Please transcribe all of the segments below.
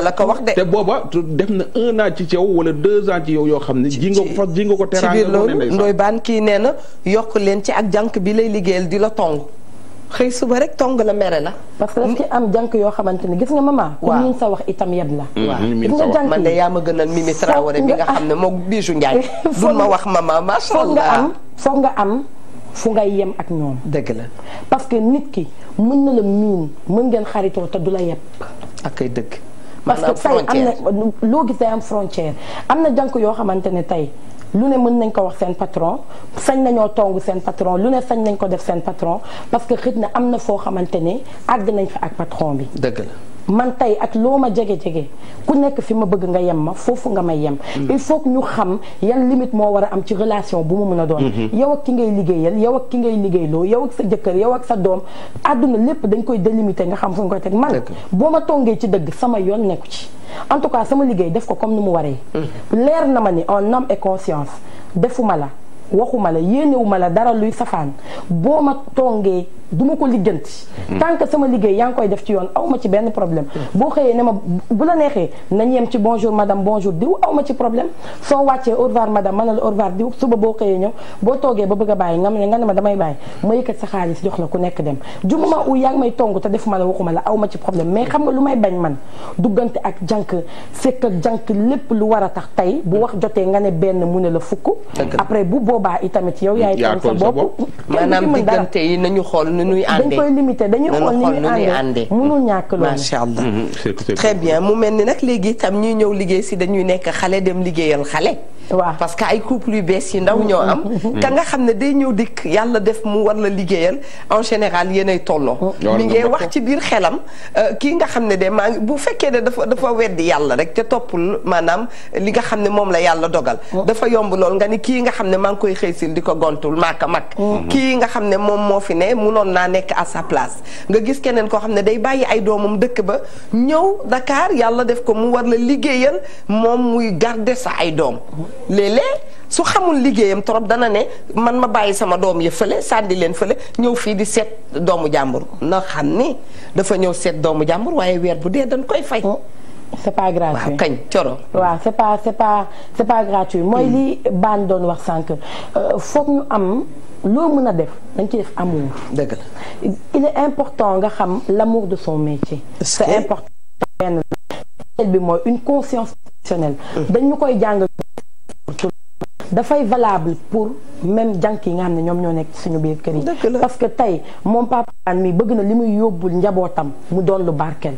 maa la ko wax de. te booba def na un an ci wala deux ans ci yow yoo xam ne. ji nga ko fas ji nga loolu ndoy baan kii nee na yokk leen ci ak jànk bi lay liggéeyal di la tong. xëy suba rek tong la mere la. parce que am jànk yoo xamante ni gis nga maman. waaw wax itam yab la. Mm-hmm. gis nga jànk man de yaa ma gënal Mimi Traoré bi nga xam ne moom ma wax maman macha allah nga am ak ñoom. dëgg la parce que nit ki mën na la miin mën ngeen xaritoo te du la yeb. ak ay dëgg. parce que tey am na loo gis am frontière am na jànk yoo xamante ne tey lu ne mën nañ ko wax seen patron sañ nañoo tongu seen patron lu ne sañ nañ ko def seen patron parce que xëj na am na foo xamante ne àgg nañ fa ak patron bi dëgg man tey ak loo ma jege-jege ku nekk fi ma bëgg nga yem ma foofu nga may yem mm-hmm. il faut ñu xam yan limite moo war a am ci relation bu mu mën a doon mm-hmm. yow ak ki ngay liggéeyal yow ak ki ngay liggéeyloo yow ak sa jëkkër yow ak sa doom àdduna lépp dañ koy délimiter nga xam fu nga koy teg man boo ma tongee ci dëgg sama yoon nekku ci en tout cas sama liggéey def ko comme ni mu waree mm-hmm. leer na ma ni un homme et conscience defuma la waxuma la yéenewuma la dara luy safaan boo ma tongee du ma ko ligganti mhm. tant que sama liggéey yaa ngi koy def ci yoon aw ma ci benn problème boo xëyee ne ma bu la neexee nañ yem ci bonjour madame bonjour diw aw ma ci problème soo wàccee au revoir madame ma ne la au revoir diw suba boo xëyee ñëw boo toogee ba bëgg a bàyyi nga ne ma damay bàyyi ma yëkkat sa xaalis jox la ku nekk dem jumuma u yaa ngi may tong te defuma la waxuma la aw ma ci problème mais xam nga lu may bañ man duggante ak jànk sekk ak jànk lépp lu war a tax tey bu wax jotee nga ne benn mu ne la fukk après bu boobaa itamit yow yaay tooñ sa bopp maanaam diggante yi nañu xool nu nuy àndee dañ koy limité dañuy xool nu nuy àndee mënul ñàkk loolu macha allah mm-hmm. très bien mu mel ni nag léegi itam ñuy ñëw liggéey si dañuy nekk xale dem liggéeyal xale waaw parce que ay couple bees yi ndaw ñëw am. ka nga xam ne day ñëw dikk yàlla def mu war la liggéeyal en général yéenay tolloo. Oh. mi ngee wax ci biir xelam euh, kii nga xam ne de maa bu fekkee ne dafa dafa weddi yàlla rek te toppul maanaam li nga xam ne moom la yàlla dogal. Oh. dafa yomb lool nga ni kii nga xam ne maa ngi koy xëysil di ko gontul maaka mag. Oh. kii nga xam ne moom moo fi ne munoon naa nekk à sa place nga gis keneen koo xam ne day bàyyi ay doomam dëkk ba ñëw Dakar yàlla def ko mu war la liggéeyal moom muy garder sa ay doom. léeg-léeg su xamul liggéeyam trop dana ne man ma bàyyi sama doom ya fële sànni leen fële ñëw fii di seet doomu jàmbur na xam ni dafa ñëw seet doomu jàmbur waaye weer bu dee dañ koy fay. Oh, c'est pas gratuit waaw kañ coro. waaw c'est pas c'est pas c'est pas gratuit. mooy hmm. li baan doon wax sànq euh, foog ñu am. loo mën a def dañ ci def amour. dëgg il est important nga xam l'amour de son métier. c'est important benn bi mooy une conscience hmm. dañ dañu koy jàng. dafay valable pour même jànk yi nga xam ne ñoom ñoo nekk ci suñu biir kër yi parce que tey moom papaan mi bëgg na li muy yóbbul njabootam mu doon lu barkeel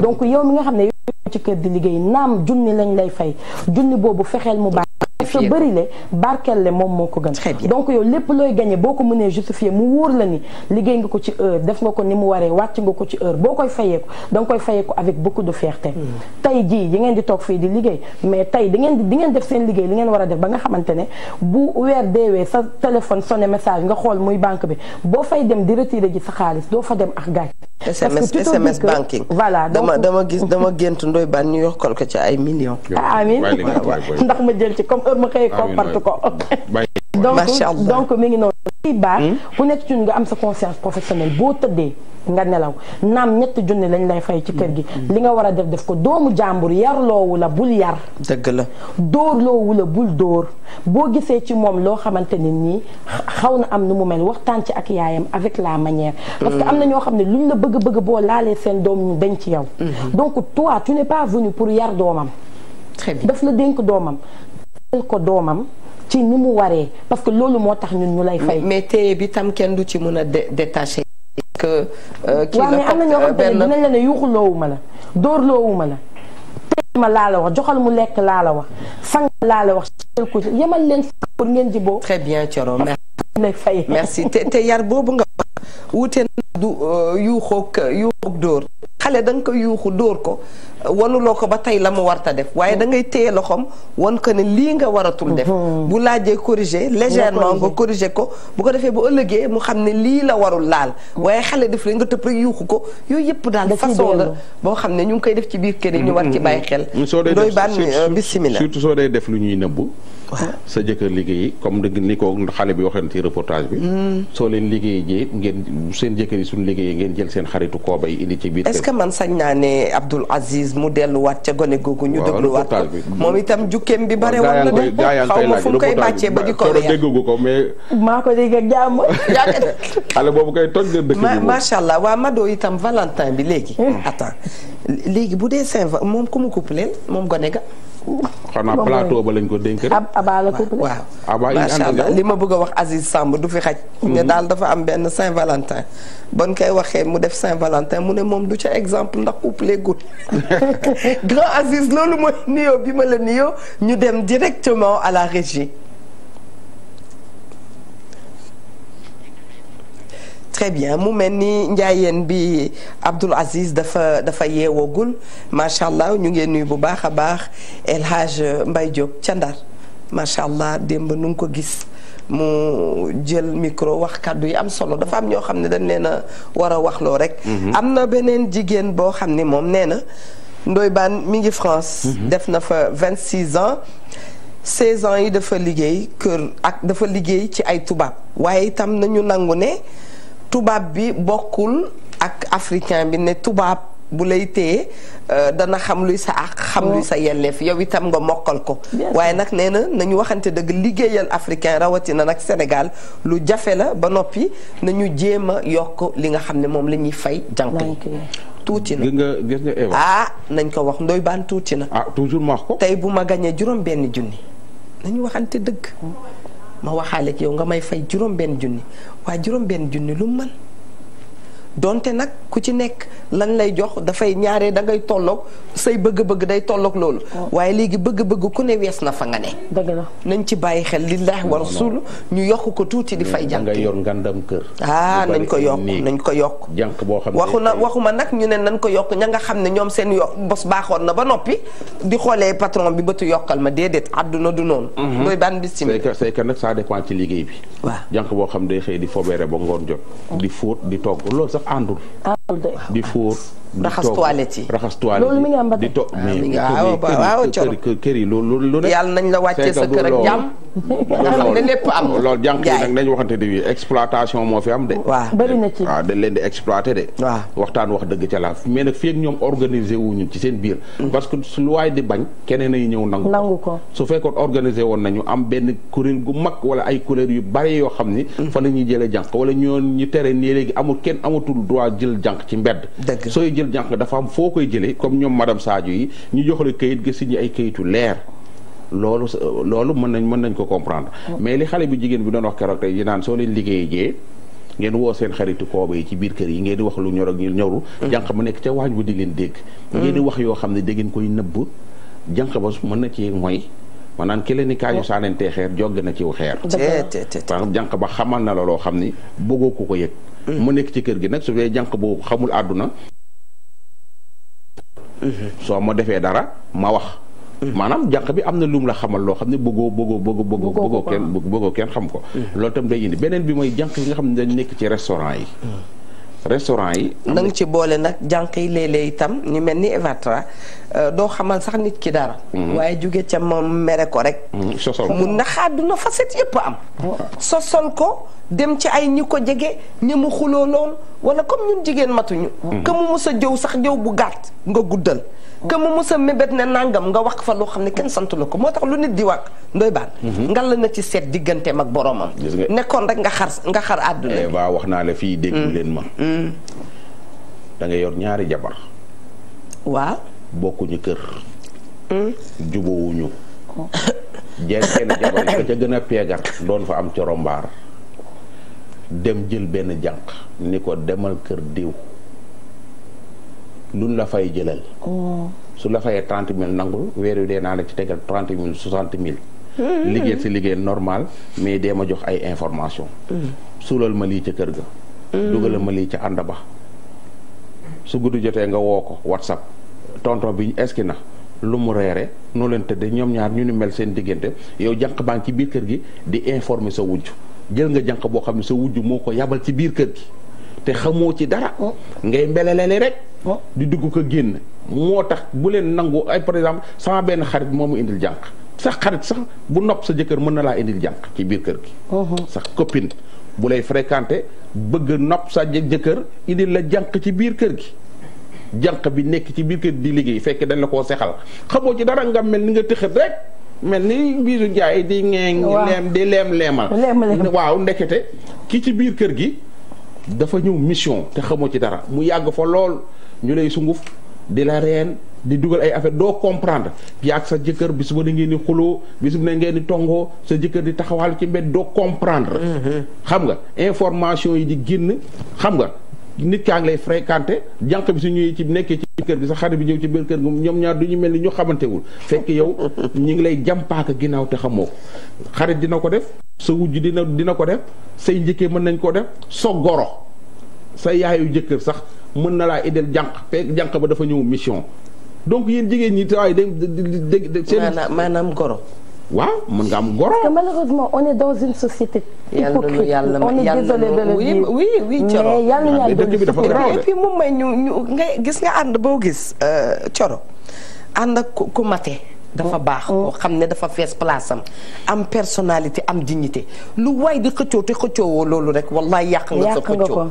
donc yow mi nga xam ne ci kër di liggéey naam junni lañ lay fay junni boobu fexeel mu baax sa bëri le barkeel le moom moo ko gën donc yow lépp looy gagné boo ko mënee justifié mu wóor la ni liggéey nga ko ci heure def nga ko ni mu waree wàcc nga ko ci heure boo koy fayeeku da koy fayeeku avec beaucoup de fierté hmm. tey jii yi di toog fii di liggéey mais tey di ngeen di ngeen def seen liggéey li ngeen war a def ba nga xamante ne bu weer deewee sa téléphone sonné message nga xool muy banque bi boo fay dem di retirer ji sa xaalis doo fa dem ak gaañ SMS SMS voilà dama dama gis dama gént ndoy ban ñu yokkal ko ci ay millions amiin ah, ma xëy comporte ko donc donc mi ngi noonu liy ku nekk ci ñun hmm? am sa conscience professionnelle boo tëddee nga nelaw naam ñetti junni lañ lay fay ci kër gi hmm, hmm. li nga war a def def ko doomu jàmbur yarloowu la bul yar dëgg la dóorloowu la bul dóor boo gisee ci moom loo xamante ne nii xaw na am nu mu mel waxtaan ci ak yaayam avec la manière parce que am na ñoo xam ne luñ la bëgg bëgg boo laalee seen doom ñu dañ ci yow donc toi tu n'es pas venu pour yar doomam daf la dénk doomam ko doomam ci ni mu waree parce que loolu moo tax ñun ñu lay fay. mais téye bi tam kenn du ci mën a détaché. que euh, kii la mais am na ñoo euh, xam te ne dinañ la ma laa la wax joxal mu lekk laa wax sang laa la wax sel ko leen pour ngeen jiboo très bien Thioro merci merci te yar boobu nga wax wuute du yuuxoog euh, yuuxoog dóor xale da nga ko yuuxu dóor ko loo ko ba tey la mu warta def waaye da ngay téye loxoom wan ko ne lii nga waratul def mhm. bu laajee corriger légèrement nga corriger ko bu ko defee ba ëllëgee mu xam ne lii la warul laal waaye xale def la nga tëb rek yuuxu ko yooyu yëpp daal façon la boo xam ne ñu ngi koy def ci biir kër yi ñu war ci mhm. bàyyi xel doy baan euh, bismillah surtout soo day def lu ñuy nëbbu sa jëkkër liggéeyi comme dëgg ni ko xale bi waxee ci reportage bi mm. soo leen liggéey jee ngeen seen jëkkër yi suñu liggéeyee ngeen jël seen xaritu kooba yi indi ci man sañ naa ne Abdoul Aziz mu delluwaat ca gone googu ñu dégluwaat ko moom itam jukkeem bi bare woon na de xaw ma fu mu koy bàccee ba di ko déggu ko mais maa ko dégg ak jàmm xale boobu koy toj dëkk bi macha allah waa Mado itam Valentin bi léegi hmm. attends léegi bu dee Saint moom ku mu coupleel moom gone ga xanaa plateau ba lañ ko dénk. ab abaa la couple. waaw abaa li ma bëgg a wax Aziz Samb du fi xaj. Mm-hmm. ne daal dafa am benn Saint-Valentin. bon koy waxee mu def Saint-Valentin mu ne moom du ca exemple ndax couple gul grand Aziz loolu mooy nuyoo bi ma la nuyoo ñu dem directement à la régie. très bien mu mel ni njaayeen bi Abdoul Aziz dafa dafa yeewoogul macha allah ñu ngeen nuyu bu baax a baax El Hadj Mbaye ca Ndar macha allah démb nu ngi ko gis mu jël micro wax kaddu yi am solo dafa am ñoo xam ne dañ leen war a waxloo rek. Mhm. am na beneen jigéen boo xam ne moom nee na Ndoye mi ngi France. Mhm. def na fa 26 ans. 16 ans yi dafa liggéey kër ak dafa liggéey ci ay tubaab waaye itam nañu nangu ne. tubaab bi bokkul ak africain bi ne tubaab bu lay téye euh, dana xam luy sa àq xam luy mm. sa yelleef yow itam nga mokkal ko waaye nag nee na nañu waxante dëgg liggéeyal africain rawatina nag Sénégal lu jafe la ba noppi nañu jéem a yokk li nga xam ne moom lañuy ñuy fay jànk tuuti na ah nañ ko wax ndoy baan tuuti na ah toujours tey bu ma gañee juróom benn junni nañu waxante dëgg ma waxaale ak yow nga may fay juróom benn junni waa juróom benn junni lu mu donte nag ku ci nekk lan lay jox dafay ñaaree da ngay tolloog say bëgg-bëgg day tolloog loolu. Oh. waaye léegi bëgg-bëgg ku ne wees na fa nga ne. dëgg la nañ ci bàyyi xel lillahi wa rasul ñu yokk ko tuuti di fay. jànk da ngay yor kër. ah nañ ko yokk nañ ko yokk. jànk boo xam ne waxu na waxuma nag ñu ne nañ ko yokk ña nga xam ne ñoom seen yo bos baaxoon na ba noppi di xoolee patron bi bëtu yokkal ma déedéet àdduna du noonu. Mhm. mooy ban bisimilah. c'est que c'est que nag saa dépend ci liggéey bi. waa jànk boo xam day xëy di fobere ba ngoon jot. Oh. di fóot di togg àndul. di fóor raxas toilette yi raxas toilette loolu mi ngi am di to ah, ah, waaw kër yi loolu lu ne yàlla nañ la wàccee sa kër ak jàmm xam ne lépp am loolu jànk yi nag nañ waxante di exploitation moo fi am de waaw bëri na ci waaw dañ leen di exploité de waaw waxtaan wax dëgg ca laa mais nag fii ak ñoom organisé wuñu ci seen biir mm. parce que su lu waay di bañ keneen ay ñëw nangu nangu ko su fekkoon organisé woon nañu am benn kuréel gu mag wala ay kuréel yu bari yoo xam ni mm. fa la ñuy jëlee jànk wala ñu tere nii léegi amul kenn amatul droit jël jànk jànq ci mbedd sooy jël jànq dafa am foo koy jëlee comme ñoom madame Sadio yi ñu jox la kayit ga ñu ay kayitu leer loolu loolu mën nañ mën nañ ko comprendre mm. mais li xale bi jigéen bi doon wax keroog tey soo leen liggéeyee jee ngeen woo seen xaritu kooba yi ci biir kër yi ngeen di wax lu ñor ak ñu ñoru mm. jànq ma nekk ca waañ bu di leen dégg mm. ngeen di wax yoo xam ne da ngeen koy nëbb jànq ba mën na ci mooy maanaam kële ni ka kaa ñu te xeer jogge na ciw xeer par jànq ba xamal na la loo xam ni bëggoo ko ko yëg mm. mu nekk ci kër gi nag su fee jànq boo xamul àdduna mm-hmm. soo ma defee dara ma wax mm-hmm. maanaam jànq bi am na lum la xamal loo xam ne bëggoo bëggoo bëggoo bëggoo kenn bëggoo xam ko mm. lool tam day indi beneen bi may jànq yi nga xam ne dañ nekk ci restaurant yi mm. restaurant yi. na nga ci boole nag jànq yi léeg-léeg itam ñu mel ni Evatra euh, doo xamal sax nit ki dara. Mm-hmm. waaye jóge ca moom mere ko rek. Mm-hmm. sosol ko mun na xaaduna facette yëpp am. sosol ko dem ci ay ñi ko jege ñi mu xuloo loon wala comme ñun jigéen matuñu. que mm-hmm. mu mës a jëw sax jëw bu gàtt nga guddal. que mu mës a mébét ne nangam nga wax fa loo xam ne kenn santu la ko moo tax lu nit di wax ndoy baan la na ci seet digganteem ak boromam. nekkoon rek nga xar nga xar àdduna. Eh, waaw wax naa la fii dégg mm. leen ma. Mm. Hmm. da nga yor ñaari jabar. waa bokkuñu kër. Hmm. jubóowuñu. Oh. jël seen jabar yi ca gën a peegar doon fa am corombaar dem jël benn jànq ni ko demal kër diw luñ la fay jëlal. Oh. su la fayee trente mille nangu weer wi dee naa la ci tegal trente mille soixante mille. Hmm. liggéey si liggéey normal mais dee ma jox ay information suulal ma lii ca kër ga. dugalal ma lii ca ànd ba su guddi jotee nga woo ko whatsapp tonton bi eski na lu mu reere noo leen tëddee ñoom ñaar ñu ni mel seen diggante yow jànq baa ngi ci biir kër gi di informer sa wujj jël nga jànq boo xam ne sa wujj moo ko yabal ci biir kër gi te xamoo ci dara ngay mbeleleli rek di dugg ko génn moo tax bu leen nangu ay par exemple sama benn xarit moo mu indil jànq sax xarit sax bu nopp sa jëkkër mën na laa indil jànq ci biir kër gi sax copine bëgg nopp sa jëkkër indi la jànq ci biir kër gi janq bi nekk ci biir kër di liggéey fekk dañ la koo sexal xamoo ci dara nga mel ni nga tëxët rek mel ni biisu jaay di ngee leem di leem leemal waaw ndekete ki ci biir kër gi dafa ñëw mission te xamoo ci dara mu yàgg fa lool ñu lay sunguf di la reen di dugal ay affaire doo comprendre yaag sa jëkkër bis bu ne ngeen di xuloo bis bu ne ngeen ni tongoo sa jëkkër di taxawal ci mbedd doo comprendre. Mm-hmm. xam nga information yi di génn xam nga. nit kaa ngi lay fréquenté jànq bi su ñëwee ci nekkee ci kër bi sa xarit bi ñëw ci biir kër gi ñoom ñaar du ñu mel ni ñu xamantewul fekk yow ñu ngi lay jàmpaaka ginnaaw te xamoo ko xarit dina ko def sa wujj dina dina ko def say njëkkee mën nañ koo def so goro sa yaayu jëkkër sax mën na laa ideel jànq jànq ba dafa ñëw mission donc yéen jigéen ñi te waaye dégg seen. maanaam maanaam goro. waaw mën nga am goro. parce que malheureusement on est dans une société. hypocrite yàlla na yàlla na yàlla oui oui oui coro. mais yàlla na yàlla bi dafa garaaw et puis moom may ñu ñu nga gis nga ànd boo gis. Euh, coro ànd ak ku mate. dafa mm. baax koo mm. xam ne dafa fees place am am personnalité am dignité lu waay di xëccoo te xëccoowoo loolu rek wallaay yàq nga sa xëccoo